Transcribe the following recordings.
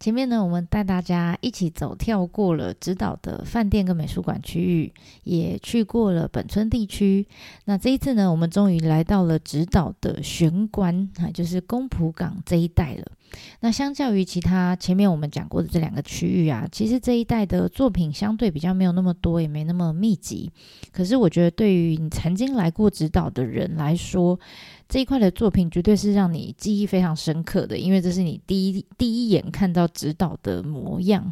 前面呢，我們帶大家一起走跳過了直島的飯店跟美術館區域，也去過了本村地區。那這一次呢，我們終於來到了直島的玄關啊，就是宮浦港這一帶了。那相較於其他前面我們講過的這兩個區域啊，其實這一帶的作品相對比較沒有那麼多，也沒那麼密集。可是我覺得，對於你曾經來過直島的人來說，這一塊的作品絕對是讓你記憶非常深刻的，因為這是你第一第一眼看到直島的模樣。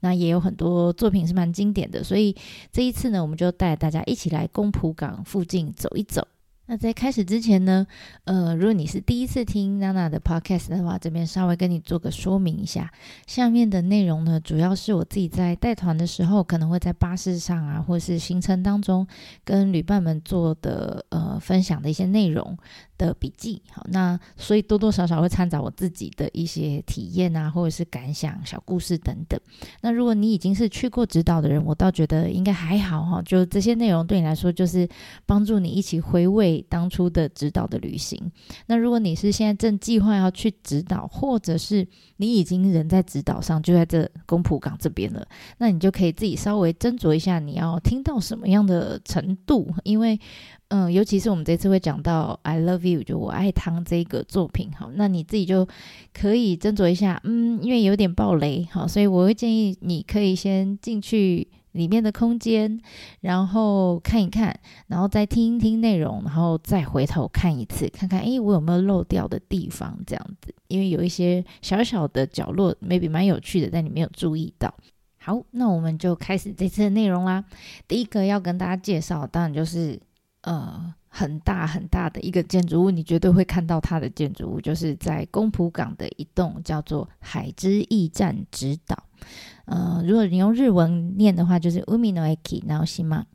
那也有很多作品是蠻經典的，所以這一次呢，我們就帶大家一起來宮浦港附近走一走。那在開始之前呢，呃，如果你是第一次聽娜娜的 podcast 的話，這邊稍微跟你做個說明一下。下面的內容呢，主要是我自己在帶團的時候，可能會在巴士上啊，或是行程當中，跟旅伴們做的呃分享的一些內容的筆記。好，那所以多多少少會摻雜我自己的一些體驗啊，或者是感想、小故事等等。那如果你已經是去過直島的人，我倒覺得應該還好哈、啊，就這些內容對你來說就是幫助你一起回味，當初的直島的旅行，那如果你是現在正計劃要去直島，或者是你已經人在直島上，就在這宮浦港這邊了，那你就可以自己稍微斟酌一下你要聽到什麼樣的程度，因為，嗯，尤其是我們這次會講到 I Love You，就我愛湯這個作品，好，那你自己就可以斟酌一下，嗯，因為有點爆雷，好，所以我會建議你可以先進去。裡面的空間，然後看一看，然後再聽一聽內容，然後再回頭看一次，看看哎，我有沒有漏掉的地方這樣子。因為有一些小小的角落，maybe 蠻有趣的，但你沒有注意到。好，那我們就開始這次的內容啦。第一個要跟大家介紹，當然就是呃很大很大的一個建築物，你絕對會看到它的建築物，就是在宮浦港的一棟叫做海之驛站直島。呃，如果你用日文念的話，就是海の駅，然後行嗎？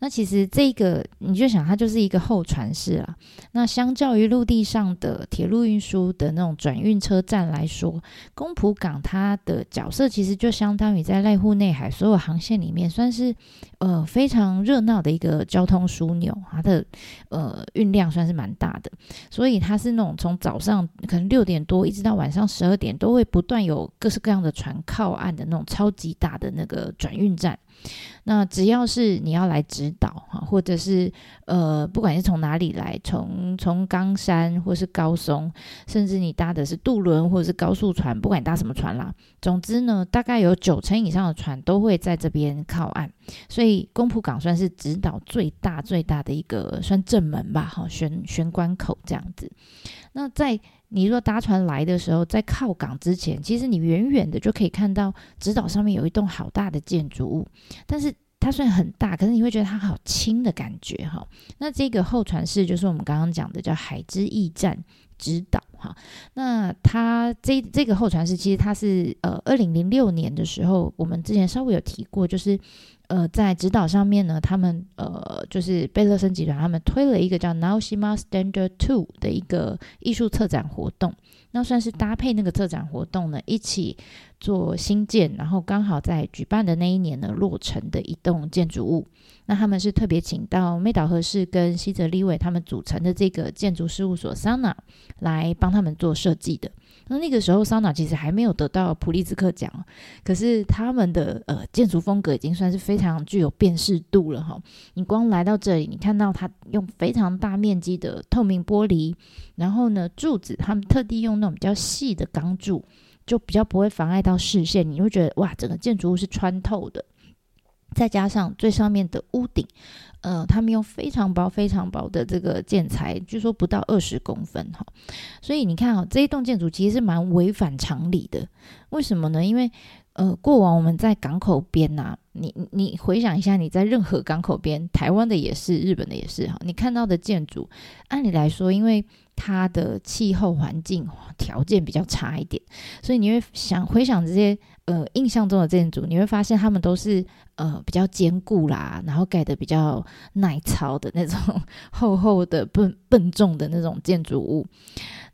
那其實這一個你就想，它就是一個候船室啦、啊、那相較於陸地上的鐵路運輸的那種轉運車站來說，宮浦港它的角色其實就相當於在瀨戶內海所有航線裡面，算是呃非常熱鬧的一個交通樞紐。它的呃運量算是蠻大的，所以它是那種從早上可能六點多一直到晚上十二點，都會不斷有各式各樣的船靠岸的那種超級大的那個轉運站。那只要是你要來直島哈，或者是呃，不管是從哪裡來，從從岡山或是高松，甚至你搭的是渡輪或者是高速船，不管你搭什麼船啦，總之呢，大概有九成以上的船都會在這邊靠岸，所以宮浦港算是直島最大最大的一個算正門吧，哈，玄玄關口這樣子。那在你若搭船來的時候，在靠港之前，其實你遠遠的就可以看到直島上面有一棟好大的建築物，但是它雖然很大，可是你會覺得它好輕的感覺，哈。那這個候船室就是我們剛剛講的叫海之驛站直島，哈。那它這這個候船室其實它是呃，二零零六年的時候，我們之前稍微有提過，就是。呃，在直島上面呢，他們呃就是貝勒森集團，他們推了一個叫 Naoshima Standard Two 的一個藝術策展活動，那算是搭配那個策展活動呢，一起做新建，然後剛好在舉辦的那一年呢落成的一棟建築物，那他們是特別請到妹島和世跟西澤立衛他們組成的這個建築事務所 Sana 來幫他們做設計的。那那個時候，SANAA 其實還沒有得到普利茲克獎，可是他們的呃建築風格已經算是非常具有辨識度了哈、哦。你光來到這裡，你看到它用非常大面積的透明玻璃，然後呢柱子，他們特地用那種比較細的鋼柱，就比較不會妨礙到視線，你會覺得哇，整個建築物是穿透的。再加上最上面的屋頂。呃，他們用非常薄、非常薄的這個建材，據說不到二十公分哈，所以你看哦，這一棟建築其實是蠻違反常理的。為什麼呢？因為呃，過往我們在港口邊啊，你你回想一下，你在任何港口邊，台灣的也是，日本的也是哈，你看到的建築，按理來說，因為它的氣候環境，哦，條件比較差一點，所以你會想回想這些。呃，印象中的建築，你會發現它們都是呃比較堅固啦，然後蓋得比較耐操的那種厚厚的、笨笨重的那種建築物。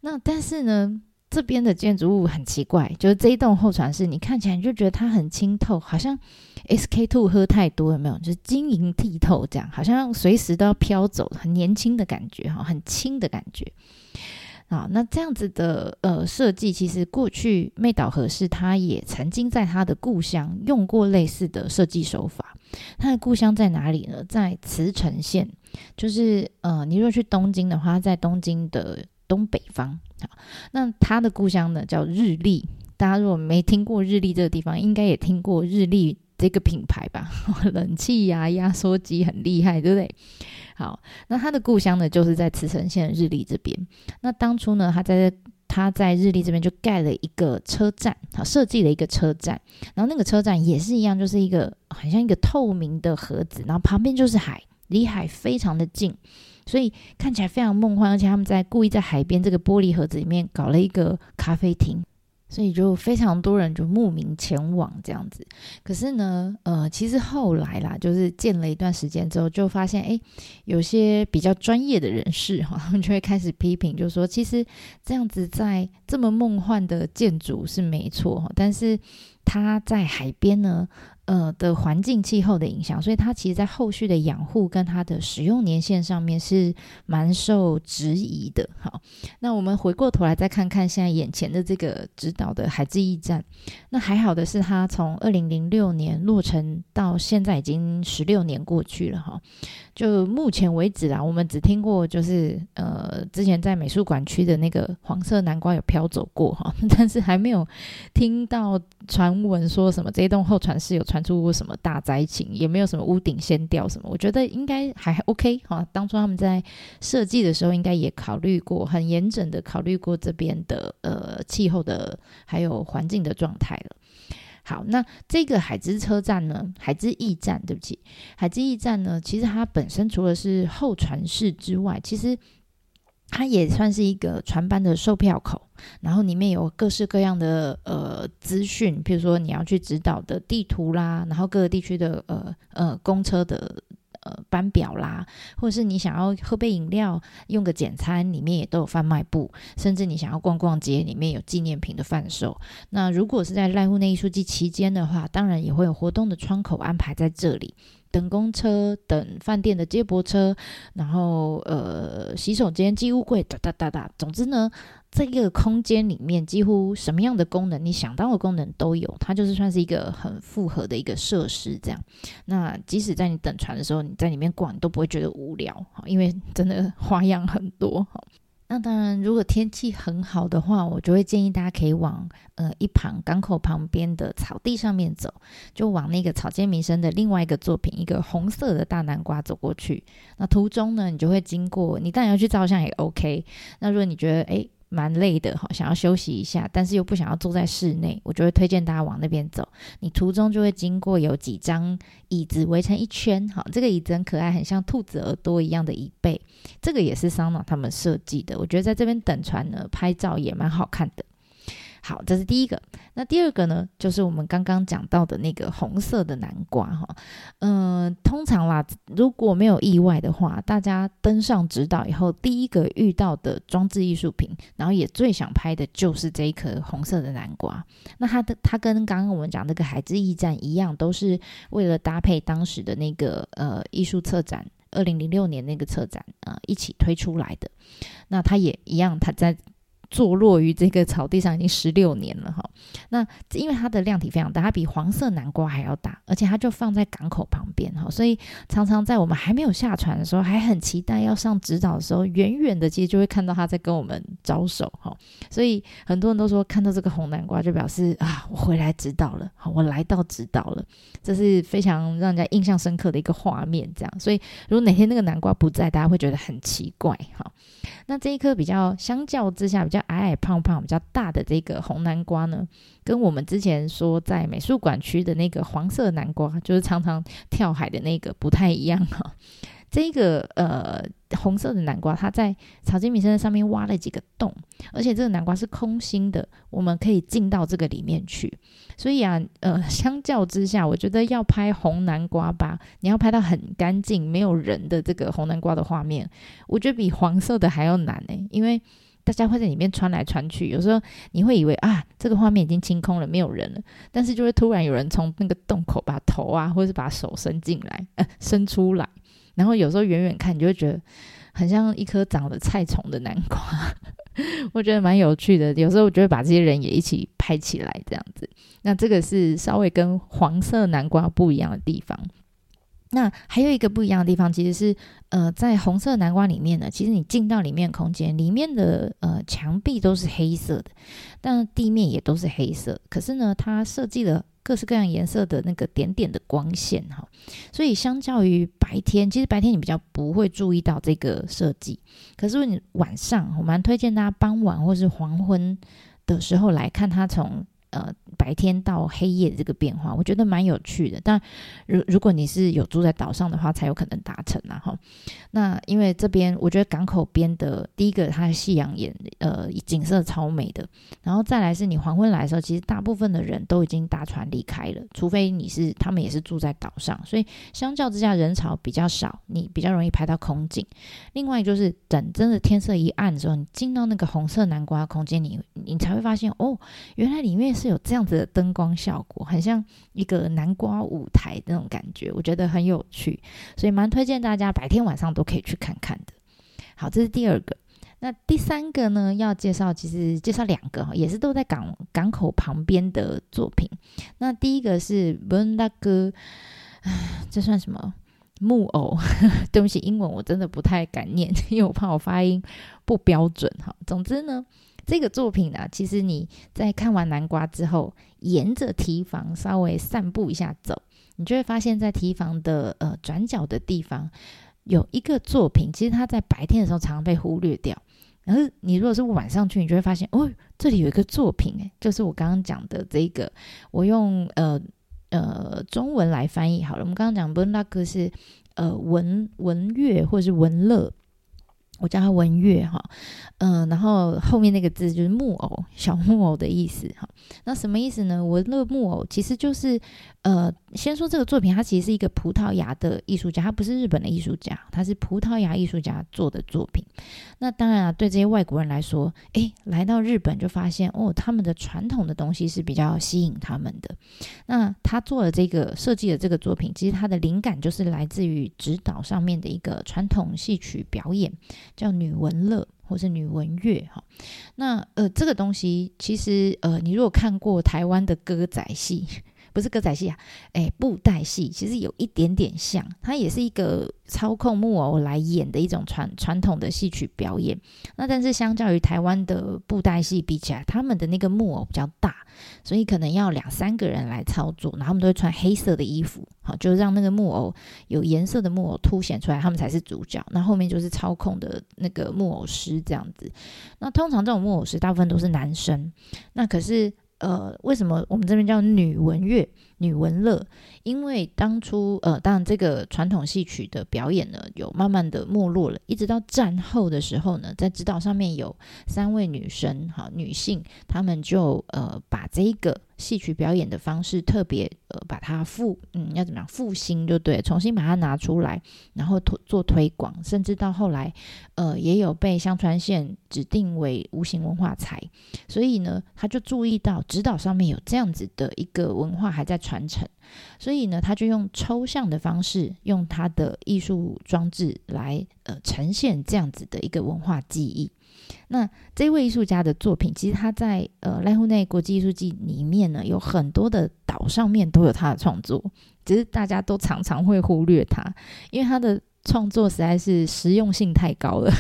那但是呢，這邊的建築物很奇怪，就是這一棟候船室，你看起來就覺得它很清透，好像 SK Two 喝太多有沒有？就是晶瑩剔透這樣，好像隨時都要飄走，很年輕的感覺哈，很輕的感覺。好，那這樣子的呃設計，其實過去妹島和世他也曾經在他的故鄉用過類似的設計手法。他的故鄉在哪裡呢？在茨城縣，就是呃，你如果去東京的話，他在東京的東北方。好，那他的故鄉呢，叫日立。大家如果沒聽過日立這個地方，應該也聽過日立。這個品牌吧，冷氣呀、啊，壓縮機很厲害，對不對？好，那他的故鄉呢，就是在茨城縣的日立這邊。那當初呢，他在他在日立這邊就蓋了一個車站，好，設計了一個車站，然後那個車站也是一樣，就是一個很像一個透明的盒子，然後旁邊就是海，離海非常的近，所以看起來非常夢幻。而且他們在故意在海邊這個玻璃盒子裡面搞了一個咖啡廳。所以就非常多人就慕名前往這樣子，可是呢，呃，其實後來啦，就是建了一段時間之後，就發現，哎，有些比較專業的人士哈，他們就會開始批評，就說其實這樣子在這麼夢幻的建築是沒錯，但是它在海邊呢。呃的環境氣候的影響，所以它其實在後續的養護跟它的使用年限上面是蠻受質疑的哈。那我們回過頭來再看看現在眼前的這個直島的海之驛站，那還好的是它從二零零六年落成到現在已經十六年過去了哈。就目前為止啦，我們只聽過就是呃，之前在美術館區的那個黃色南瓜有飄走過哈，但是還沒有聽到傳聞說什麼這一棟候船室有傳出過什麼大災情，也沒有什麼屋頂掀掉什麼。我覺得應該還 OK 哈，當初他們在設計的時候應該也考慮過，很嚴整的考慮過這邊的呃氣候的還有環境的狀態了。好，那這個海之車站呢？海之驛站，對不起，海之驛站呢？其實它本身除了是候船室之外，其實它也算是一個船班的售票口，然後裡面有各式各樣的呃資訊，譬如說你要去直島的地圖啦，然後各個地區的呃呃公車的。呃，班表啦，或者是你想要喝杯飲料、用個簡餐，裡面也都有販賣部。甚至你想要逛逛街，裡面有紀念品的販售。那如果是在瀨戶內藝術祭期間的話，當然也會有活動的窗口安排在這裡。等公車、等飯店的接駁車，然後呃洗手間、寄物櫃、噠噠噠噠。總之呢。這個空間裡面幾乎什麼樣的功能你想到的功能都有，它就是算是一個很複合的一個設施這樣。那即使在你等船的時候，你在裡面逛你都不會覺得無聊，因為真的花樣很多哈。那當然，如果天氣很好的話，我就會建議大家可以往呃一旁港口旁邊的草地上面走，就往那個草間彌生的另外一個作品一個紅色的大南瓜走過去。那途中呢，你就會經過，你當然要去照相也 OK。那如果你覺得哎，誒蠻累的哈，想要休息一下，但是又不想要坐在室內，我就會推薦大家往那邊走。你途中就會經過有幾張椅子圍成一圈，哈，這個椅子很可愛，很像兔子耳朵一樣的椅背，這個也是 SANAA 他們設計的。我覺得在這邊等船呢，拍照也蠻好看的。好，這是第一個。那第二個呢？就是我們剛剛講到的那個紅色的南瓜哈。嗯，通常啦，如果沒有意外的話，大家登上直島以後，第一個遇到的裝置藝術品，然後也最想拍的就是這一顆紅色的南瓜。那它的它跟剛剛我們講的那個海之驛站一樣，都是為了搭配當時的那個呃藝術策展，二零零六年那個策展啊、呃、一起推出來的。那它也一樣，它在。坐落於這個草地上已經十六年了哈，那因為它的量體非常大，它比黃色南瓜還要大，而且它就放在港口旁邊哈，所以常常在我們還沒有下船的時候，還很期待要上直島的時候，遠遠的其實就會看到它在跟我們招手哈，所以很多人都說看到這個紅南瓜就表示啊，我回來直島了，我來到直島了，這是非常讓人家印象深刻的一個畫面這樣，所以如果哪天那個南瓜不在，大家會覺得很奇怪哈。那這一顆比較相較之下比較。比較矮矮胖，胖胖，比較大的這個紅南瓜呢，跟我們之前說在美術館區的那個黃色南瓜，就是常常跳海的那個不太一樣哈。喔，這個呃紅色的南瓜，它在草間彌生的上面挖了幾個洞，而且這個南瓜是空心的，我們可以進到這個裡面去。所以啊，呃，相較之下，我覺得要拍紅南瓜吧，你要拍到很乾淨、沒有人的這個紅南瓜的畫面，我覺得比黃色的還要難哎、欸，因為。大家會在裡面穿來穿去，有時候你會以為啊，這個畫面已經清空了，沒有人了，但是就會突然有人從那個洞口把頭啊，或者是把手伸進來、呃、伸出來，然後有時候遠遠看，你就會覺得很像一顆長了菜蟲的南瓜， 我覺得蠻有趣的。有時候我就會把這些人也一起拍起來，這樣子。那這個是稍微跟黃色南瓜不一樣的地方。那還有一個不一樣的地方，其實是，呃，在紅色南瓜裡面呢，其實你進到裡面空間，裡面的呃牆壁都是黑色的，但地面也都是黑色。可是呢，它設計了各式各樣顏色的那個點點的光線哈、哦，所以相較於白天，其實白天你比較不會注意到這個設計。可是你晚上，我蠻推薦大家傍晚或是黃昏的時候來看它從，從呃。白天到黑夜的這個變化，我覺得蠻有趣的。但如如果你是有住在島上的話，才有可能達成啦、啊、哈，那因為這邊我覺得港口邊的第一個，它的夕陽眼呃，景色超美的。然後再來是你黃昏來的時候，其實大部分的人都已經搭船離開了，除非你是他們也是住在島上，所以相較之下人潮比較少，你比較容易拍到空景。另外就是等真的天色一暗的時候，你進到那個紅色南瓜空間，你。你才會發現哦，原來裡面是有這樣子的燈光效果，很像一個南瓜舞臺那種感覺，我覺得很有趣，所以蠻推薦大家白天晚上都可以去看看的。好，這是第二個。那第三個呢？要介紹，其實介紹兩個，也是都在港港口旁邊的作品。那第一個是 BUNRAKU，唉，這算什麼木偶呵呵？對不起，英文我真的不太敢念，因為我怕我發音不標準。哈，總之呢。這個作品呢、啊，其實你在看完南瓜之後，沿着堤防稍微散步一下走，你就會發現在堤防的呃轉角的地方有一個作品。其實它在白天的時候常常被忽略掉，然後你如果是晚上去，你就會發現哦，這裡有一個作品，就是我剛剛講的這個，我用呃呃中文來翻譯好了。我們剛剛講的，BUNRAKU 是呃文文樂或者是文樂。我叫他文樂哈，嗯，然後後面那個字就是木偶，小木偶的意思哈。那什麼意思呢？我那個木偶其實就是。呃，先說這個作品，它其實是一個葡萄牙的藝術家，他不是日本的藝術家，他是葡萄牙藝術家做的作品。那當然啊，對這些外國人來說，哎，來到日本就發現哦，他們的傳統的東西是比較吸引他們的。那他做的這個設計的這個作品，其實他的靈感就是來自於直島上面的一個傳統戲曲表演，叫女文樂或是女文樂哈。那呃，這個東西其實呃，你如果看過台灣的歌仔戲。不是歌仔戲啊，哎、欸，布袋戲其實有一點點像，它也是一個操控木偶來演的一種傳傳統的戲曲表演。那但是相較於台灣的布袋戲比起來，他們的那個木偶比較大，所以可能要兩三個人來操作，然後他們都會穿黑色的衣服，好，就讓那個木偶有顏色的木偶凸顯出來，他們才是主角。那後面就是操控的那個木偶師這樣子。那通常這種木偶師大部分都是男生。那可是。呃，為什麼我們這邊叫女文樂？女文樂，因為當初呃，當然這個傳統戲曲的表演呢，有慢慢的沒落了，一直到戰後的時候呢，在直島上面有三位女生，哈，女性，她們就呃，把這一個戲曲表演的方式特別呃，把它復，嗯，要怎麼樣復興就對，重新把它拿出來，然後做推廣，甚至到後來，呃，也有被香川縣指定為無形文化財，所以呢，他就注意到直島上面有這樣子的一個文化還在。傳承，所以呢，他就用抽象的方式，用他的藝術裝置來呃呈現這樣子的一個文化記憶。那這位藝術家的作品，其實他在呃瀨戶內國際藝術祭裡面呢，有很多的島上面都有他的創作，只是大家都常常會忽略他，因為他的。創作實在是實用性太高了，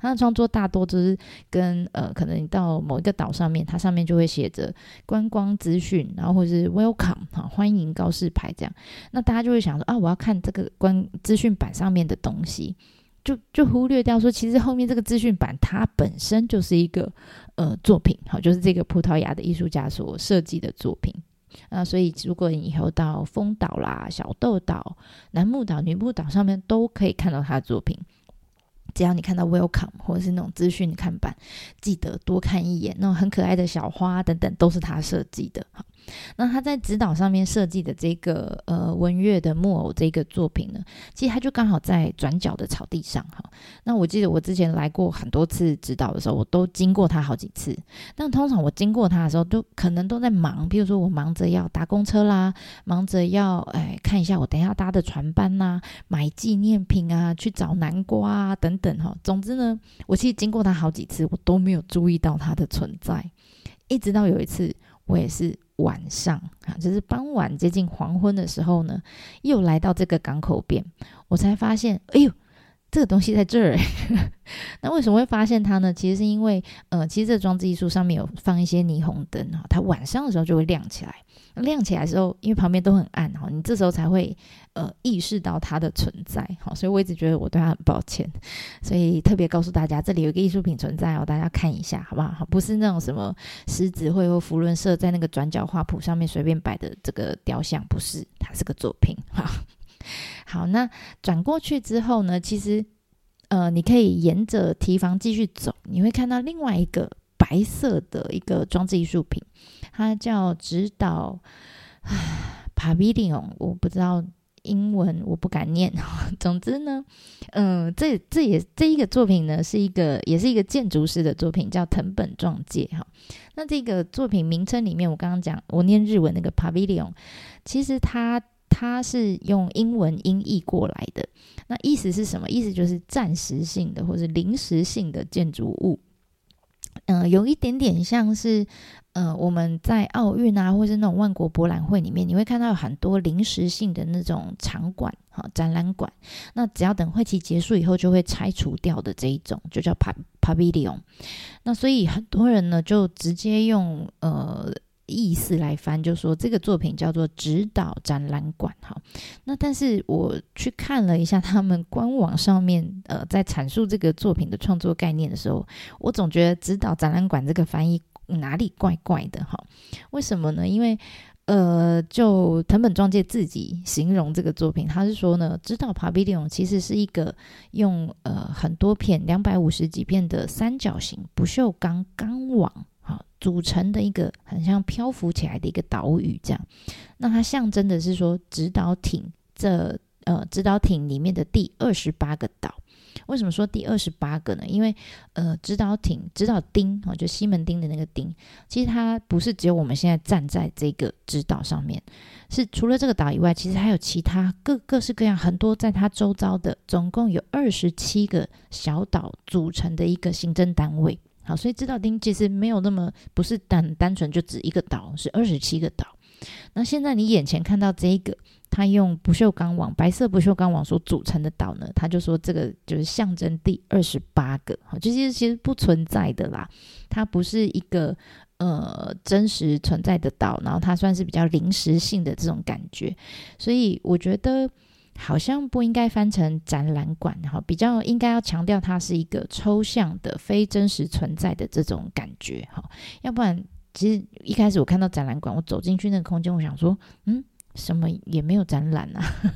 他 的創作大多就是跟呃，可能你到某一個島上面，它上面就會寫着觀光資訊，然後或者是 welcome 哈、哦、歡迎告示牌這樣，那大家就會想說啊，我要看這個觀資訊板上面的東西，就就忽略掉說，其實後面這個資訊板它本身就是一個呃作品，好、哦，就是這個葡萄牙的藝術家所設計的作品。那、啊、所以，如果你以後到豐島啦、小豆島、男木島、女木島上面，都可以看到他的作品。只要你看到 Welcome 或者是那種資訊看板，記得多看一眼，那種很可愛的小花等等，都是他設計的。那他在直島上面設計的這個呃、文樂的木偶這個作品呢，其實他就剛好在轉角的草地上哈。那我記得，我之前來過很多次直島的時候，我都經過他好幾次。但通常我經過他的時候，都可能都在忙，比如說我忙着要搭公車啦，忙着要哎看一下我等一下搭的船班吶，買紀念品啊，去找南瓜啊等等哈。總之呢，我其實經過他好幾次，我都沒有注意到他的存在。一直到有一次，我也是。晚上啊，就是傍晚接近黃昏的時候呢，又來到這個港口邊，我才發現，哎呦！這個東西在這兒耶， 那為什麼會發現它呢？其實是因為，呃，其實這裝置藝術上面有放一些霓虹燈哈，它晚上的時候就會亮起來。亮起來之後，因為旁邊都很暗哈，你這時候才會呃意識到它的存在。哈，所以我一直覺得我對它很抱歉，所以特別告訴大家，這裡有一個藝術品存在，大家看一下好不好？不是那種什麼獅子會或扶輪社在那個轉角花圃上面隨便擺的這個雕像，不是，它是個作品哈。好，那轉過去之後呢，其實，呃，你可以沿着堤防繼續走，你會看到另外一個白色的一個裝置藝術品，它叫直島 Pavilion。我不知道英文，我不敢念。總之呢，嗯、呃，這這也這一個作品呢，是一個也是一個建築師的作品，叫藤本壯介哈。那這個作品名稱裡面，我剛剛講，我念日文那個 Pavilion，其實它。它是用英文音譯過來的，那意思是什麼？意思就是暫時性的或是臨時性的建築物，嗯、呃，有一點點像是，呃，我們在奧運啊，或是那種萬國博覽會裡面，你會看到有很多臨時性的那種場館哈、呃，展覽館。那只要等會期結束以後，就會拆除掉的這一種，就叫 pavilion。那所以很多人呢，就直接用呃。意思來翻，就說這個作品叫做“直島展覽館”哈。那但是我去看了一下他們官網上面，呃，在闡述這個作品的創作概念的時候，我總覺得“直島展覽館”這個翻譯哪裡怪怪的哈。為什麼呢？因為呃，就藤本壯介自己形容這個作品，他是說呢，“直島 Pavilion” 其實是一個用呃很多片兩百五十幾片的三角形不鏽鋼鋼網。好組成的一個很像漂浮起來的一個島嶼這樣，那它象徵的是說，直島町這呃，直島町裡面的第二十八個島。為什麼說第二十八個呢？因為呃，直島町、直島町哦，就西門町的那個町，其實它不是只有我們現在站在這個直島上面，是除了這個島以外，其實還有其他各各式各樣很多在它周遭的，總共有二十七個小島組成的一個行政單位。好，所以直島町其實沒有那麼不是單單純就只一個島，是二十七個島，那現在你眼前看到這一個，它用不鏽鋼網、白色不鏽鋼網所組成的島呢，它就說這個就是象徵第二十八個。好，這些其實不存在的啦，它不是一個呃真實存在的島，然後它算是比較臨時性的這種感覺。所以我覺得，好像不應該翻成展覽館，哈，比較應該要強調它是一個抽象的、非真實存在的這種感覺，哈，要不然其實一開始我看到展覽館，我走進去那個空間，我想說，嗯，什麼也沒有展覽啊，呵呵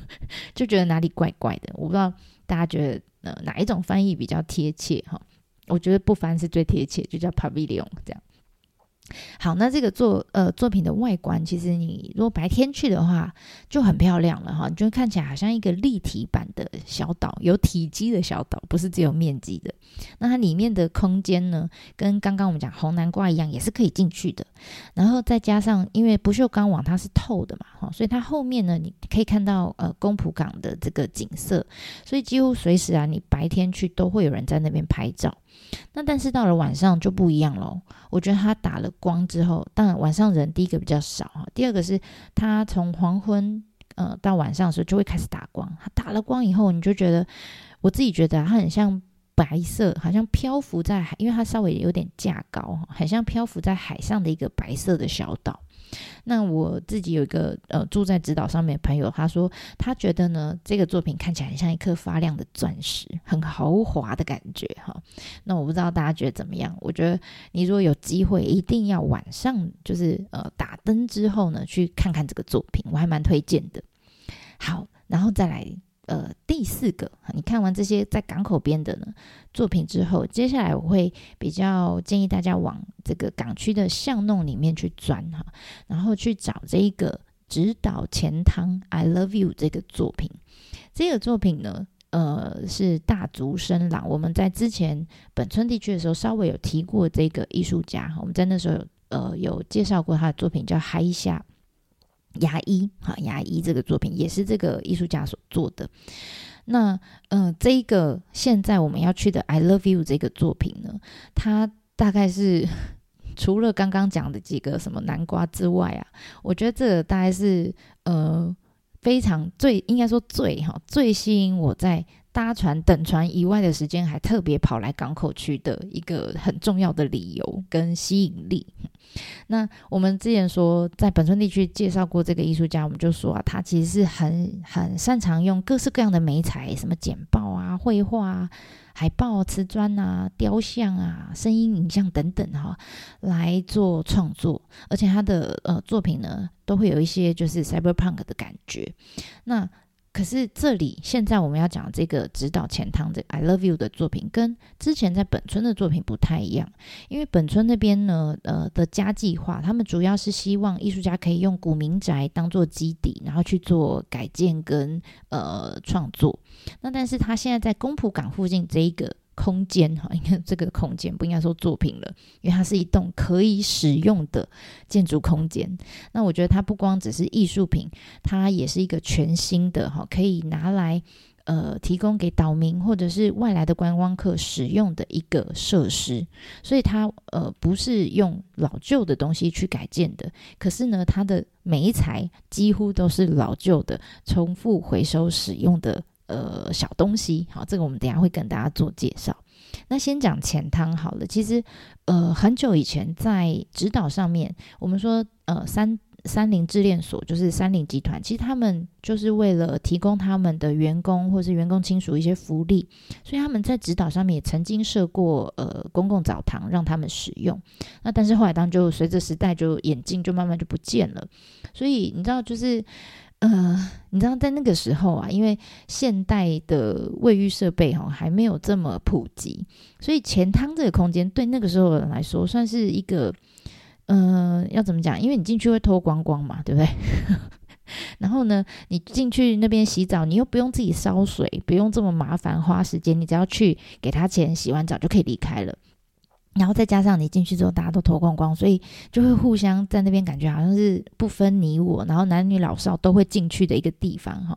就覺得哪裡怪怪的。我不知道大家覺得呃哪一種翻譯比較貼切，哈，我覺得不翻是最貼切，就叫 pavilion 這樣。好，那這個作呃作品的外觀，其實你如果白天去的話，就很漂亮了哈，你就會看起來好像一個立體版的小島，有體積的小島，不是只有面積的。那它裡面的空間呢，跟剛剛我們講紅南瓜一樣，也是可以進去的。然後再加上，因為不鏽鋼網它是透的嘛，哈，所以它後面呢，你可以看到呃宮浦港的這個景色，所以幾乎隨時啊，你白天去都會有人在那邊拍照。那但是到了晚上就不一樣嘍。我覺得它打了光之後，當然晚上人第一個比較少哈，第二個是它從黃昏呃到晚上的時候就會開始打光。它打了光以後，你就覺得，我自己覺得它很像白色，好像漂浮在海，因為它稍微有點架高哈，很像漂浮在海上的一個白色的小島。那我自己有一個呃住在直島上面的朋友，他說他覺得呢這個作品看起來很像一顆發亮的鑽石，很豪華的感覺哈、哦。那我不知道大家覺得怎麼樣？我覺得你如果有機會，一定要晚上就是呃打燈之後呢去看看這個作品，我還蠻推薦的。好，然後再來。呃，第四個，你看完這些在港口邊的呢作品之後，接下來我會比較建議大家往這個港區的巷弄裡面去鑽哈，然後去找這一個直島錢湯 I Love You 這個作品。這個作品呢，呃，是大竹伸朗。我們在之前本村地區的時候稍微有提過這個藝術家，我們在那時候呃有介紹過他的作品叫嗨夏。牙醫哈，牙醫這個作品也是這個藝術家所做的。那嗯、呃，這一個現在我們要去的 “I love you” 這個作品呢，它大概是除了剛剛講的幾個什麼南瓜之外啊，我覺得這個大概是呃非常最應該說最哈最吸引我在搭船等船以外的時間，還特別跑來港口區的一個很重要的理由跟吸引力。那我們之前說，在本村地區介紹過這個藝術家，我們就說啊，他其實是很很擅長用各式各樣的媒材，什麼剪報啊、繪畫啊、海報、瓷磚啊、雕像啊、聲音、影像等等哈、啊，來做創作。而且他的呃作品呢，都會有一些就是 cyberpunk 的感覺。那可是這裡現在我們要講這個直島銭湯的《這個、I Love You》的作品，跟之前在本村的作品不太一樣。因為本村那邊呢，呃的家計劃，他們主要是希望藝術家可以用古民宅當做基底，然後去做改建跟呃創作。那但是他現在在宮浦港附近這一個。空間哈，你看這個空間不應該說作品了，因為它是一棟可以使用的建築空間。那我覺得它不光只是藝術品，它也是一個全新的哈，可以拿來呃提供給島民或者是外來的觀光客使用的一個設施。所以它呃不是用老舊的東西去改建的，可是呢，它的媒材幾乎都是老舊的，重複回收使用的。呃，小東西，好，這個我們等一下會跟大家做介紹。那先講錢湯好了。其實，呃，很久以前在直島上面，我們說，呃，三三菱製鍊所，就是三菱集團，其實他們就是為了提供他們的員工或是員工親屬一些福利，所以他們在直島上面也曾經設過呃公共澡堂讓他們使用。那但是後來當就隨着時代就演進就慢慢就不見了。所以你知道就是。呃，你知道在那個時候啊，因為現代的衛浴設備哈、哦、還沒有這麼普及，所以錢湯這個空間對那個時候的人來說算是一個，嗯、呃、要怎麼講？因為你進去會脫光光嘛，對不對？ 然後呢，你進去那邊洗澡，你又不用自己燒水，不用這麼麻煩花時間，你只要去給他錢，洗完澡就可以離開了。然後再加上你進去之後，大家都脫光光，所以就會互相在那邊感覺好像是不分你我，然後男女老少都會進去的一個地方哈，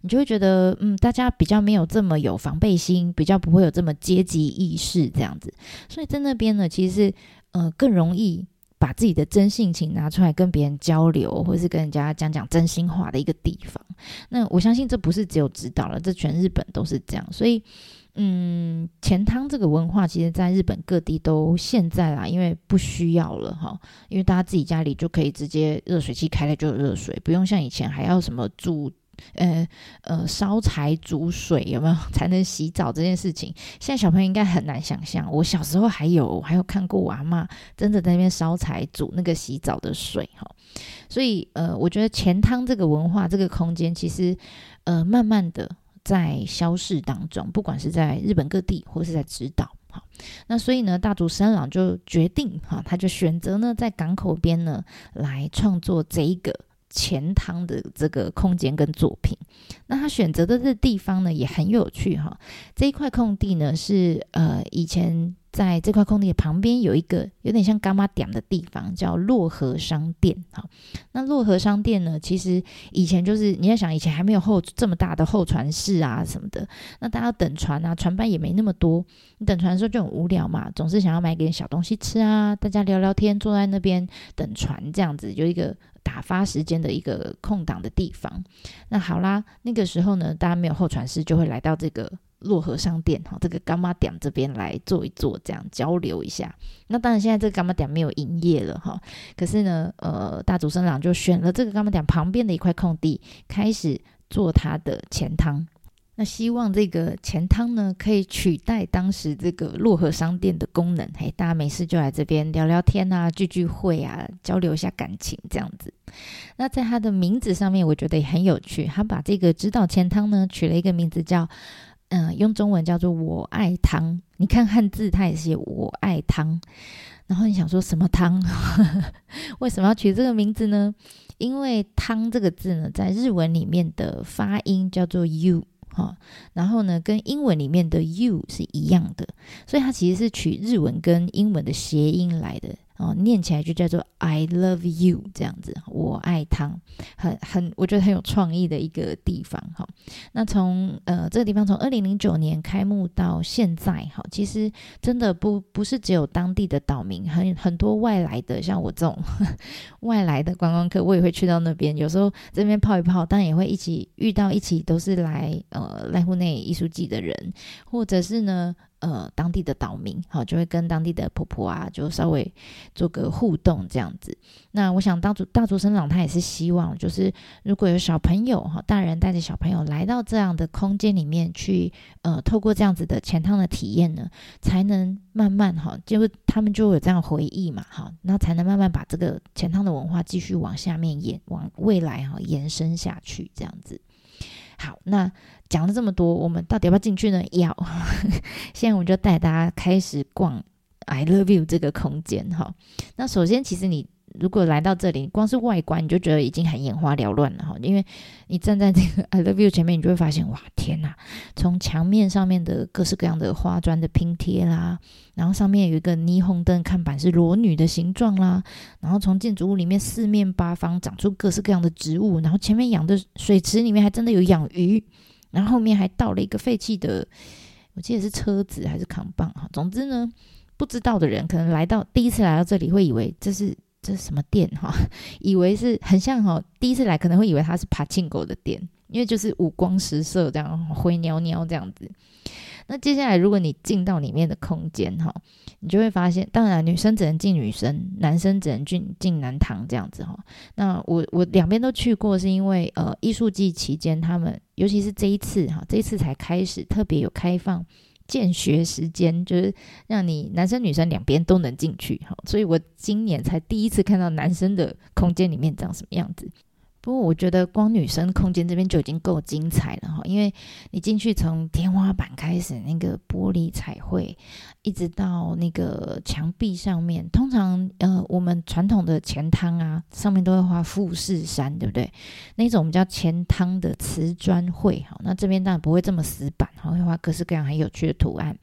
你就會覺得嗯，大家比較沒有這麼有防備心，比較不會有這麼階級意識這樣子，所以在那邊呢，其實是呃更容易把自己的真性情拿出來跟別人交流，或是跟人家講講真心話的一個地方。那我相信這不是只有直島了，這全日本都是這樣，所以。嗯，錢湯這個文化，其實在日本各地都現在啦，因為不需要了哈，因為大家自己家裡就可以直接熱水器開了就有熱水，不用像以前還要什麼煮，呃呃燒柴煮水有沒有才能洗澡這件事情，現在小朋友應該很難想象，我小時候還有還有看過我阿嬤真的在那邊燒柴煮那個洗澡的水哈，所以呃，我覺得錢湯這個文化這個空間，其實呃慢慢的。在消逝當中，不管是在日本各地，或是在直島，那所以呢，大竹伸朗就決定，哈，他就選擇呢，在港口邊呢，來創作這一個錢湯的這個空間跟作品。那他選擇的這個地方呢，也很有趣，哈，這一塊空地呢，是呃以前。在這塊空地旁邊有一個有點像柑仔店的地方，叫洛河商店。好，那洛河商店呢，其實以前就是，你要想以前還沒有後這麼大的候船室啊什麼的，那大家等船啊，船班也沒那麼多，你等船的時候就很無聊嘛，總是想要買點小東西吃啊，大家聊聊天，坐在那邊等船，這樣子有一個打發時間的一個空檔的地方。那好啦，那個時候呢，大家沒有候船室，就會來到這個。洛河商店哈，這個柑仔店這邊來坐一坐，這樣交流一下。那當然，現在這個柑仔店沒有營業了哈。可是呢，呃，大竹伸朗就選了這個柑仔店旁邊的一塊空地，開始做他的錢湯。那希望這個錢湯呢，可以取代當時這個洛河商店的功能。嘿，大家沒事就來這邊聊聊天啊，聚聚會啊，交流一下感情這樣子。那在他的名字上面，我覺得也很有趣，他把這個直島錢湯呢，取了一個名字叫。嗯，用中文叫做“我愛湯”。你看漢字，它也是“我愛湯”。然後你想說什麼湯？ 為什麼要取這個名字呢？因為“湯”這個字呢，在日文裡面的發音叫做 “you” 哈，然後呢，跟英文裡面的 “you” 是一樣的，所以它其實是取日文跟英文的諧音來的。哦，念起來就叫做 I love you，這樣子，我愛湯，很很，我覺得很有創意的一個地方哈、哦。那從呃這個地方從二零零九年開幕到現在哈、哦，其實真的不不是只有當地的島民，很很多外來的，像我這種呵外來的觀光客，我也會去到那邊，有時候這邊泡一泡，但也會一起遇到一起都是來呃瀨戶內藝術季的人，或者是呢。呃，當地的島民哈、哦，就會跟當地的婆婆啊，就稍微做個互動這樣子。那我想大，大竹大竹伸朗，他也是希望，就是如果有小朋友哈、哦，大人帶着小朋友來到這樣的空間裡面去，呃，透過這樣子的錢湯的體驗呢，才能慢慢哈、哦，就他們就會有這樣回憶嘛哈、哦，那才能慢慢把這個錢湯的文化繼續往下面延，往未來哈、哦、延伸下去這樣子。好，那講了這麼多，我們到底要不要進去呢？要， 現在我們就帶大家開始逛《I Love You》這個空間哈。那首先，其實你。如果來到這裡，光是外觀你就覺得已經很眼花繚亂了哈。因為你站在這個 I love you 前面，你就會發現哇，天哪！從牆面上面的各式各樣的花磚的拼貼啦，然後上面有一個霓虹燈看板是裸女的形狀啦，然後從建築物裡面四面八方長出各式各樣的植物，然後前面養的水池裡面還真的有養魚，然後後面還倒了一個廢棄的，我記得是車子還是扛棒哈。總之呢，不知道的人可能來到第一次來到這裡會以為這是。這是什麼店哈？以為是很像哈，第一次來可能會以為它是柏青哥的店，因為就是五光十色這樣，灰尿尿這樣子。那接下來如果你進到裡面的空間哈，你就會發現，當然女生只能進女生，男生只能進進男湯這樣子哈。那我我兩邊都去過，是因為呃藝術季期間他們，尤其是這一次哈，這一次才開始特別有開放。見學時間就是讓你男生女生兩邊都能進去，好，所以我今年才第一次看到男生的空間裡面長什麼樣子。不過我覺得光女生空間這邊就已經夠精彩了哈，因為你進去從天花板開始那個玻璃彩繪，一直到那個牆壁上面，通常呃我們傳統的錢湯啊上面都會畫富士山，對不對？那種我們叫錢湯的瓷磚繪，好，那這邊當然不會這麼死板，好會畫各式各樣很有趣的圖案。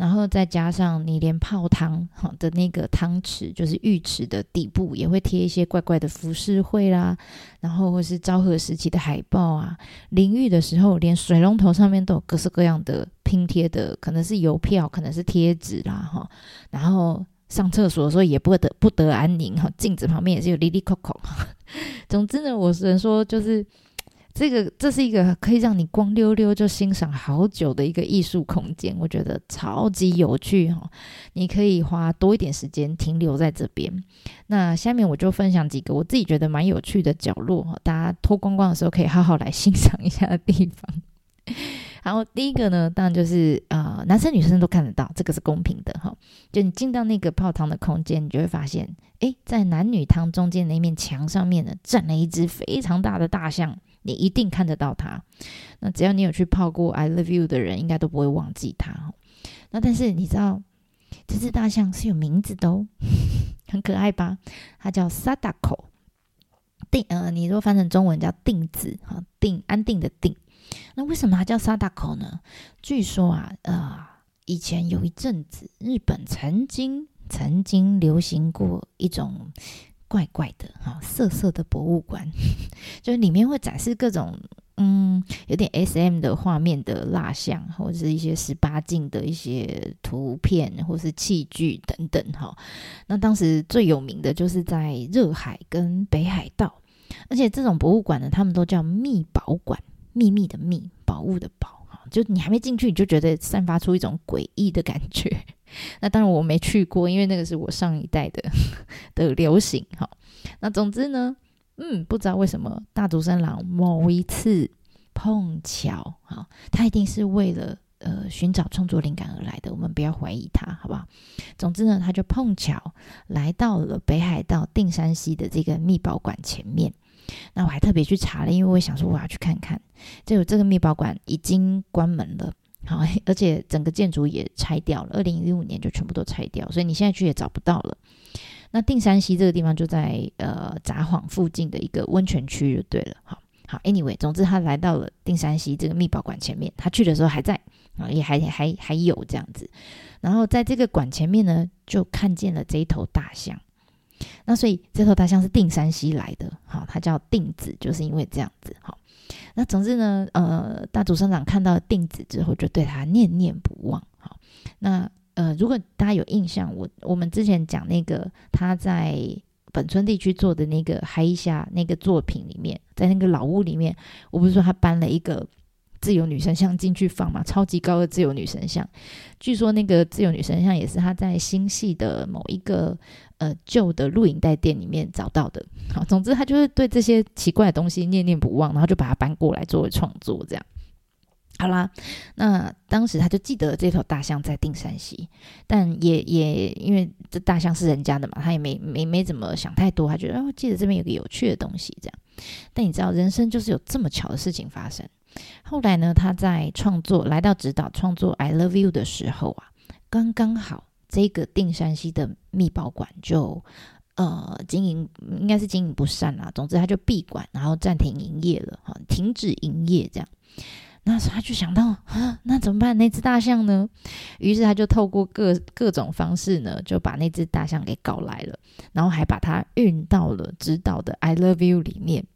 然後再加上你連泡湯哈的那個湯池，就是浴池的底部也會貼一些怪怪的浮世繪啦，然後或是昭和時期的海報啊。淋浴的時候，連水龍頭上面都有各式各樣的拼貼的，可能是郵票，可能是貼紙啦哈。然後上廁所的時候也不得不得安寧哈，鏡子旁邊也是有哩哩扣扣。總之呢，我只能說就是。這個這是一個可以讓你光溜溜就欣賞好久的一個藝術空間，我覺得超級有趣哈、哦！你可以花多一點時間停留在這邊。那下面我就分享幾個我自己覺得蠻有趣的角落哈，大家脫光光的時候可以好好來欣賞一下的地方。然後第一個呢，當然就是呃，男生女生都看得到，這個是公平的哈、哦。就你進到那個泡湯的空間，你就會發現，誒，在男女湯中間那面牆上面呢，站了一隻非常大的大象，你一定看得到它。那只要你有去泡過《I Love You》的人，應該都不會忘記它、哦。那但是你知道，這隻大象是有名字的，哦， 很可愛吧？它叫 Sadako，定，呃，你如果翻成中文叫“定子”哈，定，安定的定。那為什麼它叫沙達口呢？據說啊，呃，以前有一陣子，日本曾經曾經流行過一種怪怪的哈、哦、色色的博物館， 就是裡面會展示各種嗯有點 S M 的畫面的蠟像，或者是一些十八禁的一些圖片，或是器具等等哈、哦。那當時最有名的就是在熱海跟北海道，而且這種博物館呢，他們都叫秘寶館。秘密的秘，寶物的寶，就你還沒進去，你就覺得散發出一種詭異的感覺。那當然我沒去過，因為那個是我上一代的的流行，哈。那總之呢，嗯，不知道為什麼大竹伸朗某一次碰巧，哈，他一定是為了呃尋找創作靈感而來的，我們不要懷疑他，好不好？總之呢，他就碰巧來到了北海道定山溪的這個秘寶館前面。那我還特別去查了，因為我想說我要去看看，結果這個秘寶館已經關門了，好，而且整個建築也拆掉了，二零一五年就全部都拆掉，所以你現在去也找不到了。那定山溪這個地方就在呃，札幌附近的一個溫泉區就對了，好，好，anyway，總之他來到了定山溪這個秘寶館前面，他去的時候還在，啊，也還還還有這樣子，然後在這個館前面呢，就看見了這一頭大象。那所以這頭大象是定山西來的，好，它叫定子，就是因為這樣子，好。那總之呢，呃，大竹伸朗看到了定子之後，就對他念念不忘，好。那呃，如果大家有印象，我我們之前講那個他在本村地區做的那個嗨一下那個作品裡面，在那個老屋裡面，我不是說他搬了一個。自由女神像進去放嘛，超級高的自由女神像。據說那個自由女神像也是他在新戲的某一個呃舊的錄影帶店裡面找到的。好，總之他就是對這些奇怪的東西念念不忘，然後就把它搬過來作為創作這樣。好啦，那當時他就記得這頭大象在定山溪，但也也因為這大象是人家的嘛，他也沒沒沒怎麼想太多，他覺得哦，記得這邊有個有趣的東西這樣。但你知道，人生就是有這麼巧的事情發生。後來呢，他在創作來到直島創作《I Love You》的時候啊，剛剛好這個定山溪的秘寶館就呃經營應該是經營不善啦、啊，總之他就閉館，然後暫停營業了，哈，停止營業這樣。那時候他就想到啊，那怎麼辦？那隻大象呢？於是他就透過各各種方式呢，就把那隻大象給搞來了，然後還把它運到了直島的《I Love You》裡面。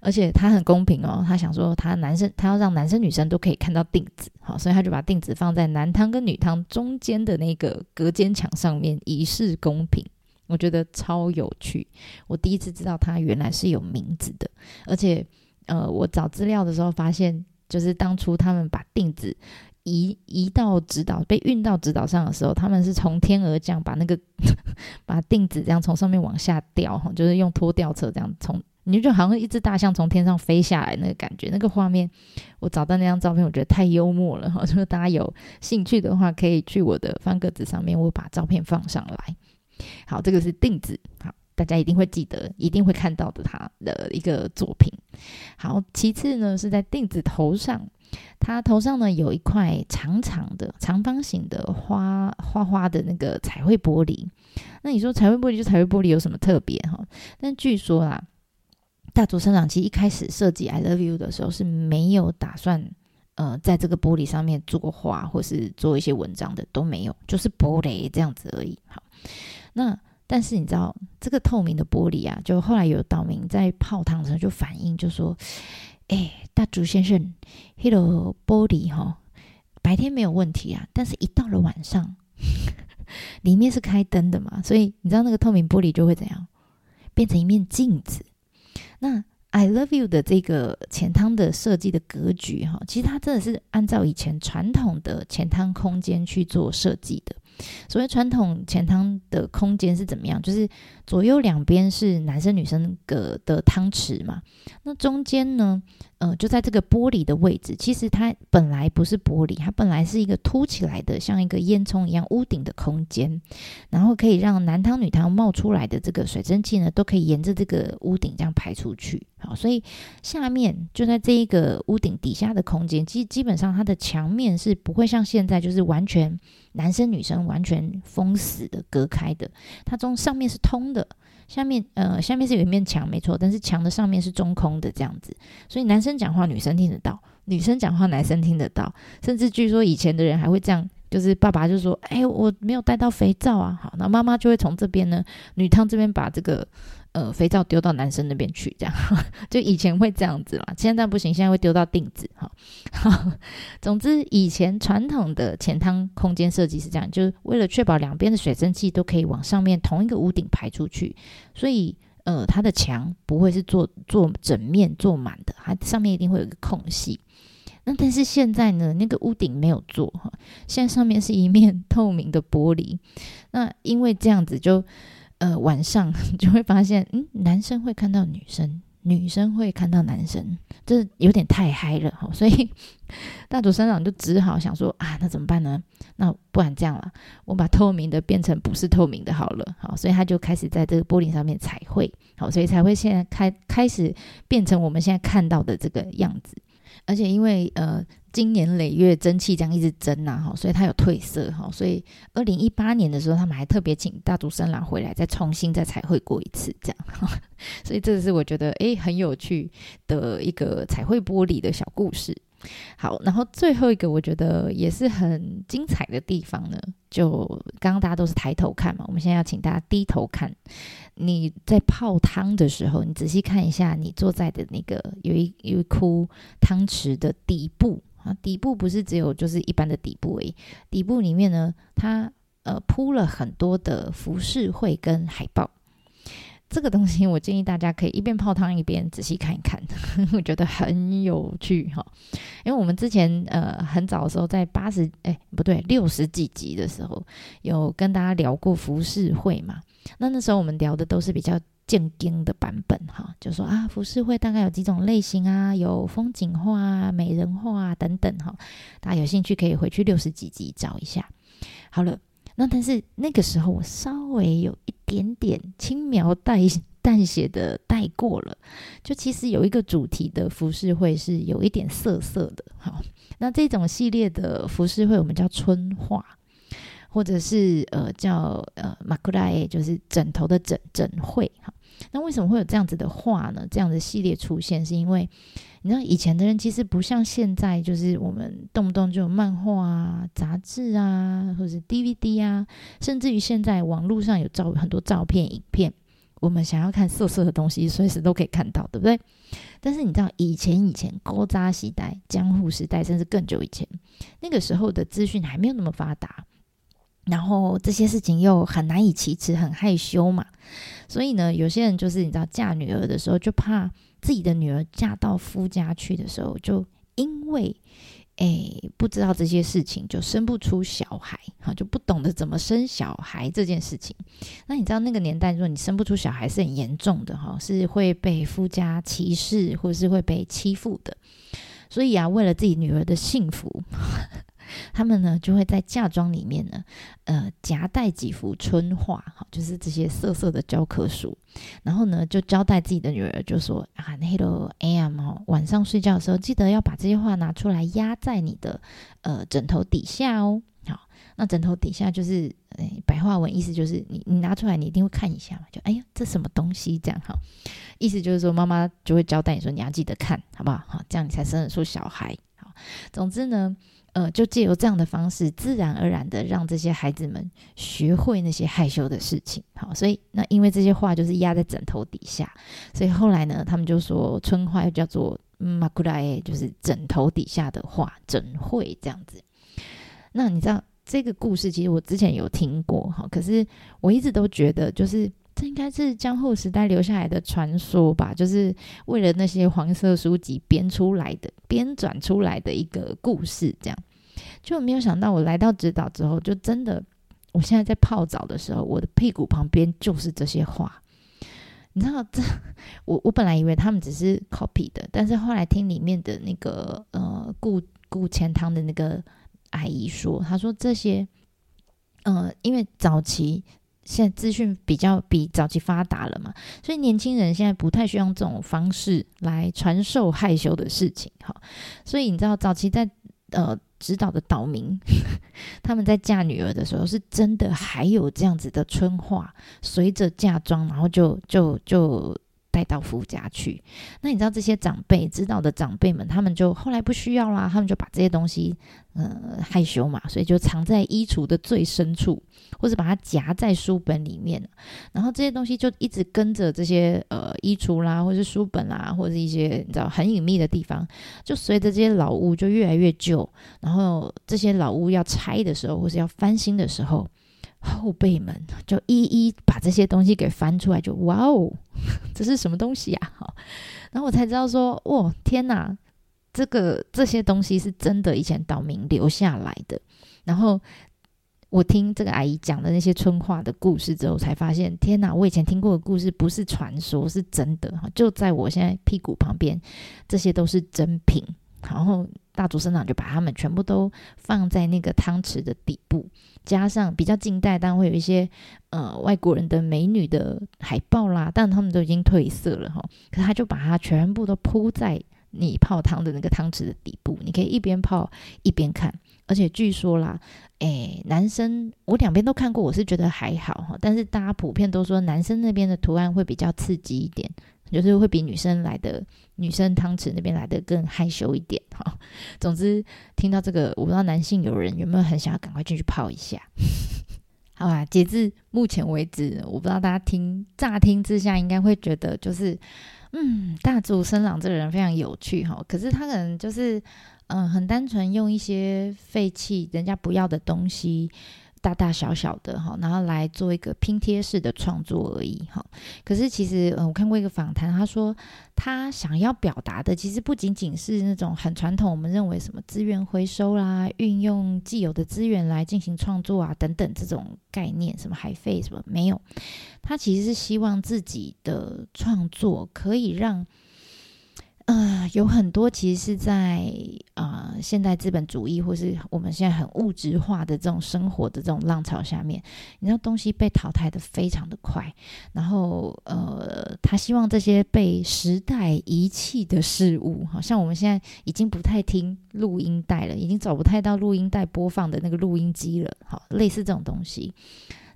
而且他很公平哦，他想說他男生他要讓男生女生都可以看到釘子，好，所以他就把釘子放在男湯跟女湯中間的那個隔間牆上面，以示公平。我覺得超有趣，我第一次知道它原來是有名字的。而且，呃，我找資料的時候發現，就是當初他們把釘子移移到直島被運到直島上的時候，他們是從天而降，把那個 把釘子這樣從上面往下掉，哈，就是用拖吊車這樣從。你就好像一隻大象從天上飛下來那個感覺，那個畫面，我找到那張照片，我覺得太幽默了。哈，如果大家有興趣的話，可以去我的方格子上面，我把照片放上來。好，這個是釘子，好，大家一定會記得，一定會看到的它的一個作品。好，其次呢是在釘子頭上，它頭上呢有一塊長長的長方形的花花花的那個彩繪玻璃。那你說彩繪玻璃就彩繪玻璃有什麼特別哈、哦？但據說啦、啊。大竹生長期一開始設計《I Love You》的時候是沒有打算，呃，在這個玻璃上面作畫或是做一些文章的都沒有，就是玻璃這樣子而已。好，那但是你知道這個透明的玻璃啊，就後來有島民在泡湯的時候就反映，就說：“哎，大竹先生，hello、那個、玻璃哈、哦，白天沒有問題啊，但是一到了晚上， 裡面是開燈的嘛，所以你知道那個透明玻璃就會怎樣，變成一面鏡子。”那 I love you 的這個錢湯的設計的格局哈，其實它真的是按照以前傳統的錢湯空間去做設計的。所謂傳統錢湯的空間是怎麼樣？就是左右兩邊是男生女生隔的湯池嘛，那中間呢，呃，就在這個玻璃的位置。其實它本來不是玻璃，它本來是一個凸起來的，像一個煙囪一樣屋頂的空間，然後可以讓男湯女湯冒出來的這個水蒸氣呢，都可以沿着這個屋頂這樣排出去。好，所以下面就在這一個屋頂底下的空間，其實基本上它的牆面是不會像現在就是完全男生女生完全封死的隔開的，它中上面是通的，下面呃下面是有一面牆沒錯，但是牆的上面是中空的這樣子，所以男生講話女生聽得到，女生講話男生聽得到，甚至據說以前的人還會這樣，就是爸爸就說哎我沒有帶到肥皂啊，好，那媽媽就會從這邊呢女湯這邊把這個。呃，肥皂丟到男生那邊去，這樣呵呵就以前會這樣子啦。現在不行，現在會丟到釘子哈。總之，以前傳統的錢湯空間設計是這樣，就是為了確保兩邊的水蒸氣都可以往上面同一個屋頂排出去，所以呃，它的牆不會是做做整面做滿的，它上面一定會有一個空隙。那但是現在呢，那個屋頂沒有做哈，現在上面是一面透明的玻璃。那因為這樣子就。呃，晚上就會發現，嗯，男生會看到女生，女生會看到男生，這、就是、有點太嗨了，好、哦，所以大竹伸朗就只好想說啊，那怎麼辦呢？那不然這樣了，我把透明的變成不是透明的好了，好、哦，所以他就開始在這個玻璃上面彩繪，好、哦，所以才會現在開開始變成我們現在看到的這個樣子，而且因為呃。今年累月蒸汽這樣一直蒸吶、啊、哈，所以它有褪色，所以二零一八年的時候，他們還特別請大竹伸郎回來再重新再彩繪過一次這樣， 所以這是我覺得、欸、很有趣的一個彩繪玻璃的小故事。好，然後最後一個我覺得也是很精彩的地方呢，就剛剛大家都是抬頭看嘛，我們現在要請大家低頭看，你在泡湯的時候，你仔細看一下，你坐在的那個有一有一窟湯池的底部。啊，底部不是只有就是一般的底部而已，底部裡面呢，它，呃鋪了很多的浮世繪跟海報。這個東西我建議大家可以一邊泡湯一邊仔細看一看，呵呵，我覺得很有趣哈、哦。因為我們之前呃很早的時候，在八十哎不對六十幾集的時候有跟大家聊過浮世繪嘛，那那時候我們聊的都是比較。鑑定的版本哈、哦，就說啊，浮世繪大概有幾種類型啊，有風景畫、啊、美人畫、啊、等等哈、哦。大家有興趣可以回去六十幾集找一下。好了，那但是那個時候我稍微有一點點輕描淡淡寫的帶過了，就其實有一個主題的浮世繪是有一點澀澀的哈、哦。那這種系列的浮世繪我們叫春畫，或者是呃叫呃馬庫萊，就是枕頭的枕枕繪哈。那為什麼會有這樣子的話呢？這樣的系列出現，是因為你知道以前的人其實不像現在，就是我們動不動就有漫畫啊、雜誌啊，或者是 DVD 啊，甚至於現在網絡上有照很多照片、影片，我們想要看色色的東西，隨時都可以看到，對不對？但是你知道以前以前，古早時代、江戶時代，甚至更久以前，那個時候的資訊還沒有那麼發達。然後這些事情又很難以啟齒，很害羞嘛，所以呢，有些人就是你知道，嫁女兒的時候就怕自己的女兒嫁到夫家去的時候，就因為哎、欸、不知道這些事情，就生不出小孩，哈、啊，就不懂得怎麼生小孩這件事情。那你知道那個年代，如果你生不出小孩是很嚴重的，哈、啊，是會被夫家歧視，或者是會被欺負的。所以啊，為了自己女兒的幸福。呵呵他們呢，就會在嫁妝裡面呢，呃，夾帶幾幅春畫，哈、哦，就是這些色色的教科書，然後呢就交代自己的女兒，就說啊，Hello AM 哦，晚上睡覺的時候記得要把這些畫拿出來壓在你的呃枕頭底下，哦，好、哦，那枕頭底下就是呃白話文意思就是你你拿出來你一定會看一下嘛，就哎呀這什麼東西這樣，哈、哦，意思就是說媽媽就會交代你說你要記得看好不好，好、哦、這樣你才生得出小孩，好、哦，總之呢。呃，就借由這樣的方式，自然而然的讓這些孩子們學會那些害羞的事情。好，所以那因為這些話就是壓在枕頭底下，所以後來呢，他們就說春畫又叫做嗯馬庫拉耶，就是枕頭底下的話，怎會這樣子？那你知道這個故事，其實我之前有聽過，哈，可是我一直都覺得就是。這應該是江戶時代留下來的傳說吧，就是為了那些黃色書籍編出來的、編轉出來的一個故事。這樣就沒有想到，我來到直島之後，就真的，我現在在泡澡的時候，我的屁股旁邊就是這些畫。你知道，這我我本來以為他們只是 copy 的，但是後來聽裡面的那個呃顧顧錢湯的那個阿姨說，她說這些，嗯、呃，因為早期。現在資訊比較比早期發達了嘛，所以年輕人現在不太需要用這種方式來傳授害羞的事情，哈，所以你知道早期在呃，直島的島民呵呵，他們在嫁女兒的時候，是真的還有這樣子的春畫，隨着嫁妝，然後就就就。就帶到夫家去，那你知道這些長輩知道的長輩們，他們就後來不需要啦，他們就把這些東西，嗯、呃，害羞嘛，所以就藏在衣櫥的最深處，或者把它夾在書本裡面，然後這些東西就一直跟着這些呃衣櫥啦，或是書本啦，或者一些你知道很隱秘的地方，就隨着這些老屋就越來越舊，然後這些老屋要拆的時候，或是要翻新的時候。後輩們就一一把這些東西給翻出來就，就哇哦，這是什麼東西呀？啊？然後我才知道說，哇，天哪，這個這些東西是真的，以前島民留下來的。然後我聽這個阿姨講的那些村話的故事之後，才發現，天哪，我以前聽過的故事不是傳說，是真的，就在我現在屁股旁邊，這些都是真品。然後。大足生長就把它們全部都放在那個湯池的底部，加上比較近代，當然會有一些呃外國人的美女的海報啦，但他們都已經褪色了吼、哦，可是他就把它全部都鋪在你泡湯的那個湯池的底部，你可以一邊泡一邊看。而且據說啦，誒、哎，男生我兩邊都看過，我是覺得還好哈，但是大家普遍都說男生那邊的圖案會比較刺激一點。就是會比女生來的女生湯池那邊來的更害羞一點哈、哦。總之，聽到這個，我不知道男性友人有沒有很想要趕快進去泡一下？ 好吧，截至目前為止，我不知道大家聽乍聽之下應該會覺得就是，嗯，大竹伸朗這個人非常有趣哈、哦。可是他可能就是，嗯、呃，很單純用一些廢棄人家不要的東西。大大小小的哈，然後來做一個拼貼式的創作而已哈。可是其實，嗯，我看過一個訪談，他說他想要表達的，其實不僅僅是那種很傳統，我們認為什麼資源回收啦、啊，運用既有的資源來進行創作啊等等這種概念，什麼海廢、什麼沒有。他其實是希望自己的創作可以讓。啊、呃，有很多其實是在啊、呃，現代資本主義或是我們現在很物質化的這種生活的這種浪潮下面，你知道東西被淘汰的非常的快，然後呃，他希望這些被時代遺棄的事物，好像我們現在已經不太聽錄音帶了，已經找不太到錄音帶播放的那個錄音機了，好，類似這種東西。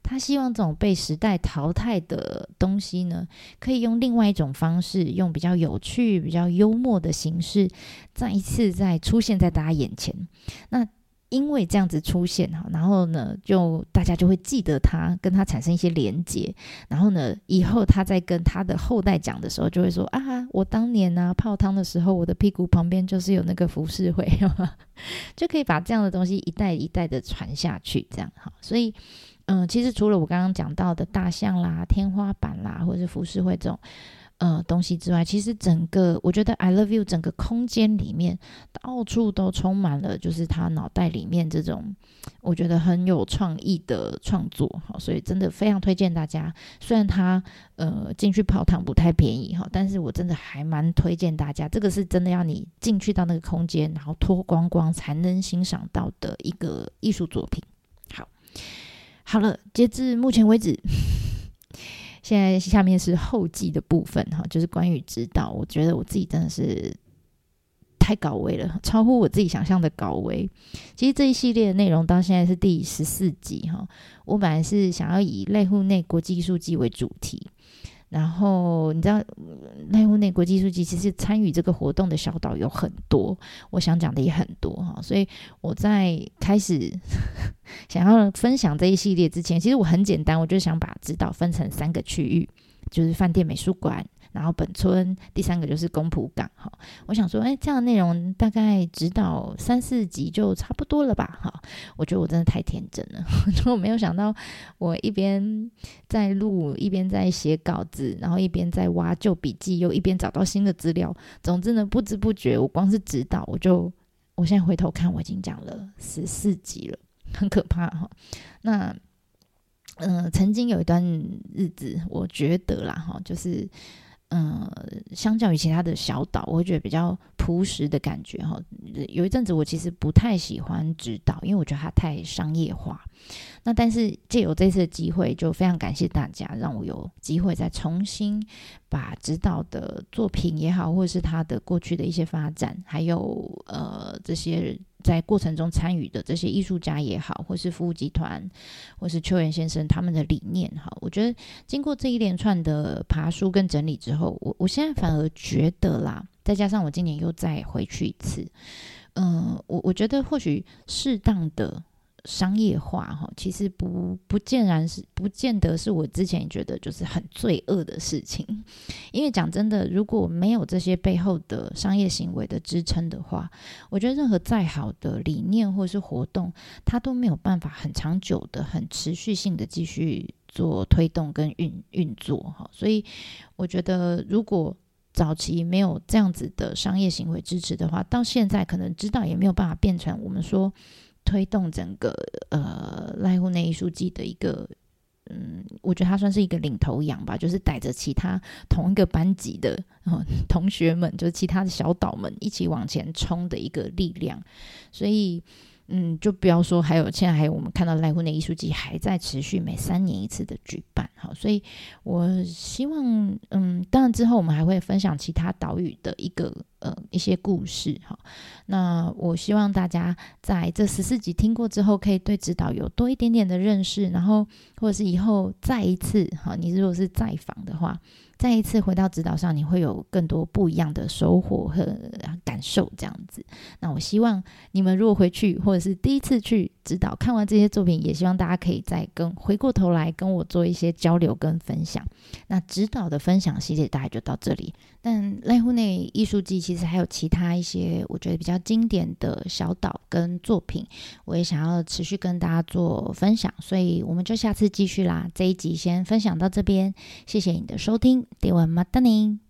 他希望這種被時代淘汰的東西呢，可以用另外一種方式，用比較有趣、比較幽默的形式，再一次再出現在大家眼前。那因為這樣子出現哈，然後呢，就大家就會記得他，跟他產生一些連結。然後呢，以後他在跟他的後代講的時候，就會說啊，我當年呢、啊、泡湯的時候，我的屁股旁邊就是有那個浮世繪呵呵，就可以把這樣的東西一代一代的傳下去。這樣哈，所以。嗯，其實除了我剛剛講到的大象啦、天花板啦，或者是浮世繪這種呃、嗯、東西之外，其實整個我覺得 I love you 整個空間裡面到處都充滿了，就是他腦袋裡面這種我覺得很有創意的創作。好，所以真的非常推薦大家。雖然他呃進去泡湯不太便宜哈，但是我真的還蠻推薦大家。這個是真的要你進去到那個空間，然後脫光光才能欣賞到的一個藝術作品。好了，截至目前為止，現在下面是後記的部分哈，就是關於直島，我覺得我自己真的是太高危了，超乎我自己想象的高危，其實這一系列的內容到現在是第十四集哈，我本來是想要以瀨戶內國際藝術祭為主題。然後你知道，瀨戶內國際藝術祭其實參與這個活動的小島有很多，我想講的也很多哈，所以我在開始想要分享這一系列之前，其實我很簡單，我就想把直島分成三個區域，就是飯店、美術館。然後本村第三個就是宮浦港哈，我想說，哎，這樣的內容大概直島三四集就差不多了吧哈。我覺得我真的太天真了呵呵，我沒有想到我一邊在錄，一邊在寫稿子，然後一邊在挖舊筆記，又一邊找到新的資料。總之呢，不知不覺我光是直島我就，我現在回頭看我已經講了十四集了，很可怕哈。那嗯、呃，曾經有一段日子，我覺得啦哈，就是。嗯，相較於其他的小島，我會覺得比較樸實的感覺哈。有一陣子我其實不太喜歡直島，因為我覺得它太商業化。那但是借由這次的機會，就非常感謝大家，讓我有機會再重新把直島的作品也好，或者是他的過去的一些發展，還有呃這些。在過程中參與的這些藝術家也好，或是服務集團，或是秋元先生他們的理念哈，我覺得經過這一連串的爬梳跟整理之後，我我現在反而覺得啦，再加上我今年又再回去一次，嗯，我我覺得或許適當的。商業化哈，其實不不見然是不見得是我之前覺得就是很罪惡的事情，因為講真的，如果沒有這些背後的商業行為的支撐的話，我覺得任何再好的理念或是活動，它都沒有辦法很長久的、很持續性的繼續做推動跟運運作哈。所以我覺得，如果早期沒有這樣子的商業行為支持的話，到現在可能直島也沒有辦法變成我們說。推動整個呃瀨戶內藝術祭的一個，嗯，我覺得他算是一個領頭羊吧，就是帶着其他同一個班級的、嗯、同學們，就是其他的小島們一起往前衝的一個力量。所以，嗯，就不要說還有現在還有我們看到瀨戶內藝術祭還在持續每三年一次的舉辦，好，所以我希望，嗯，當然之後我們還會分享其他島嶼的一個。呃，一些故事哈，那我希望大家在這十四集聽過之後，可以對直島有多一點點的認識，然後或者是以後再一次哈，你如果是再訪的話，再一次回到直島上，你會有更多不一樣的收穫和感受這樣子。那我希望你們如果回去或者是第一次去直島看完這些作品，也希望大家可以再跟回過頭來跟我做一些交流跟分享。那直島的分享系列大概就到這裡。但瀨戶內藝術祭其實還有其他一些我覺得比較經典的小島跟作品，我也想要持續跟大家做分享，所以我們就下次繼續啦。這一集先分享到這邊，謝謝你的收聽，では、またね